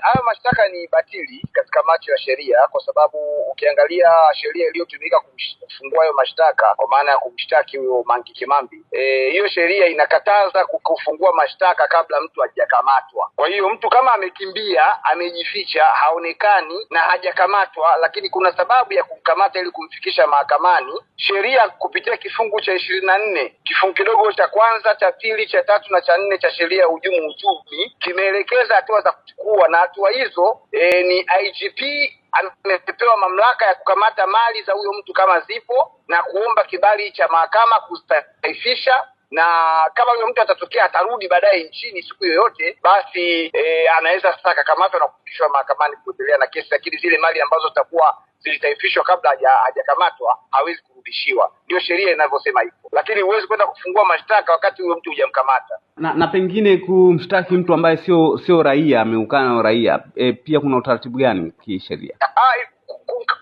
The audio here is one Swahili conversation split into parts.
hayo mashtaka ni batili katika macho ya sheria, kwa sababu ukiangalia sheria iliyotumika kufungua hayo mashtaka kwa maana ya kumshtaki huyo Mange Kimambi, e, hiyo e, sheria inakataza kufungua mashtaka kabla mtu hajakamatwa. Kwa hiyo mtu kama amekimbia, amejificha, haonekani na hajakamatwa, lakini kuna sababu ya kumkamata ili kumfikisha mahakamani, sheria kupitia kifungu cha ishirini na nne kifungu kidogo cha kwanza cha pili cha tatu na cha nne cha sheria ya uhujumu uchumi kimeelekeza hatua za kuchukua na na hatua hizo e, ni IGP amepewa mamlaka ya kukamata mali za huyo mtu kama zipo na kuomba kibali cha mahakama kustaifisha na kama huyo mtu atatokea atarudi baadaye nchini siku yoyote, basi e, anaweza sasa akakamatwa na kufikishwa mahakamani kuendelea na kesi, lakini zile mali ambazo zitakuwa zilitaifishwa kabla hajakamatwa hawezi kurudishiwa ndio sheria inavyosema hivyo, lakini huwezi kwenda kufungua mashtaka wakati huyo mtu hujamkamata na, na pengine kumshtaki mtu ambaye sio sio raia, ameukana na raia e, pia kuna utaratibu gani kisheria?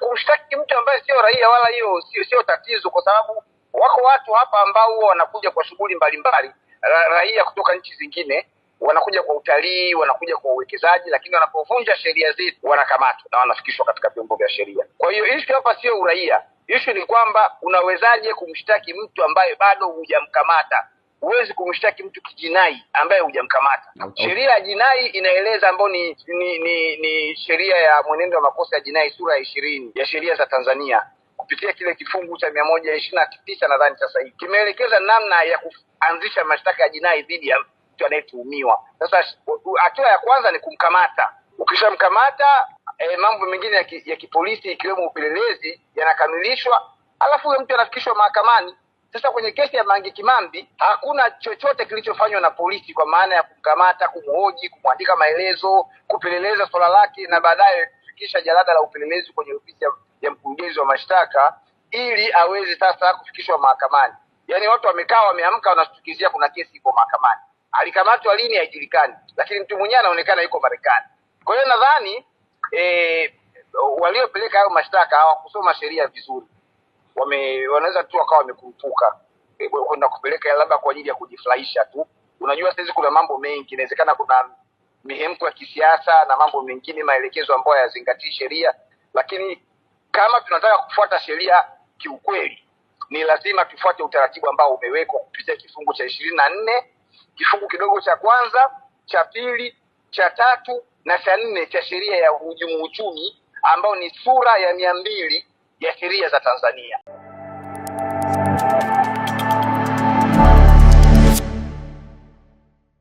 Kumshtaki mtu ambaye sio raia wala hiyo sio tatizo, kwa sababu wako watu hapa ambao huwa wanakuja kwa shughuli mbalimbali ra, raia kutoka nchi zingine wanakuja kwa utalii, wanakuja kwa uwekezaji, lakini wanapovunja sheria zetu wanakamatwa na wanafikishwa katika vyombo vya sheria. Kwa hiyo ishu hapa sio uraia. Ishu ni kwamba unawezaje kumshtaki mtu ambaye bado hujamkamata? Huwezi kumshtaki mtu kijinai ambaye hujamkamata. Okay. Sheria ya jinai inaeleza ambayo ni, ni, ni, ni sheria ya mwenendo wa makosa ya jinai sura ya ishirini ya sheria za Tanzania kupitia kile kifungu cha mia moja ishirini na tisa nadhani sasa hivi kimeelekeza namna ya kuanzisha mashtaka ya jinai dhidi ya mtu anayetuhumiwa. Sasa hatua ya kwanza ni kumkamata. Ukishamkamata eh, mambo mengine ya, ki, ya kipolisi ikiwemo upelelezi yanakamilishwa, alafu huyo mtu anafikishwa mahakamani. Sasa kwenye kesi ya Mange Kimambi hakuna chochote kilichofanywa na polisi kwa maana ya kumkamata, kumhoji, kumwandika maelezo, kupeleleza swala lake na baadaye kufikisha jalada la upelelezi kwenye ofisi ya, ya mkurugenzi wa mashtaka ili aweze sasa kufikishwa mahakamani. Yaani watu wamekaa wameamka, wanashtukizia kuna kesi iko mahakamani. Alikamatwa lini haijulikani, lakini mtu mwenyewe anaonekana yuko Marekani. Kwa hiyo nadhani e, waliopeleka hayo mashtaka hawakusoma sheria vizuri, wame wanaweza tu wakawa wamekurupuka e, kwenda kupeleka labda kwa ajili ya kujifurahisha tu. Unajua sasa kuna mambo mengi, inawezekana kuna mihemko ya kisiasa na mambo mengine, maelekezo ambayo hayazingatii sheria, lakini kama tunataka kufuata sheria kiukweli, ni lazima tufuate utaratibu ambao umewekwa kupitia kifungu cha ishirini na nne kifungu kidogo cha kwanza cha pili cha tatu na cha nne cha sheria ya uhujumu uchumi ambao ni sura ya mia mbili ya sheria za Tanzania.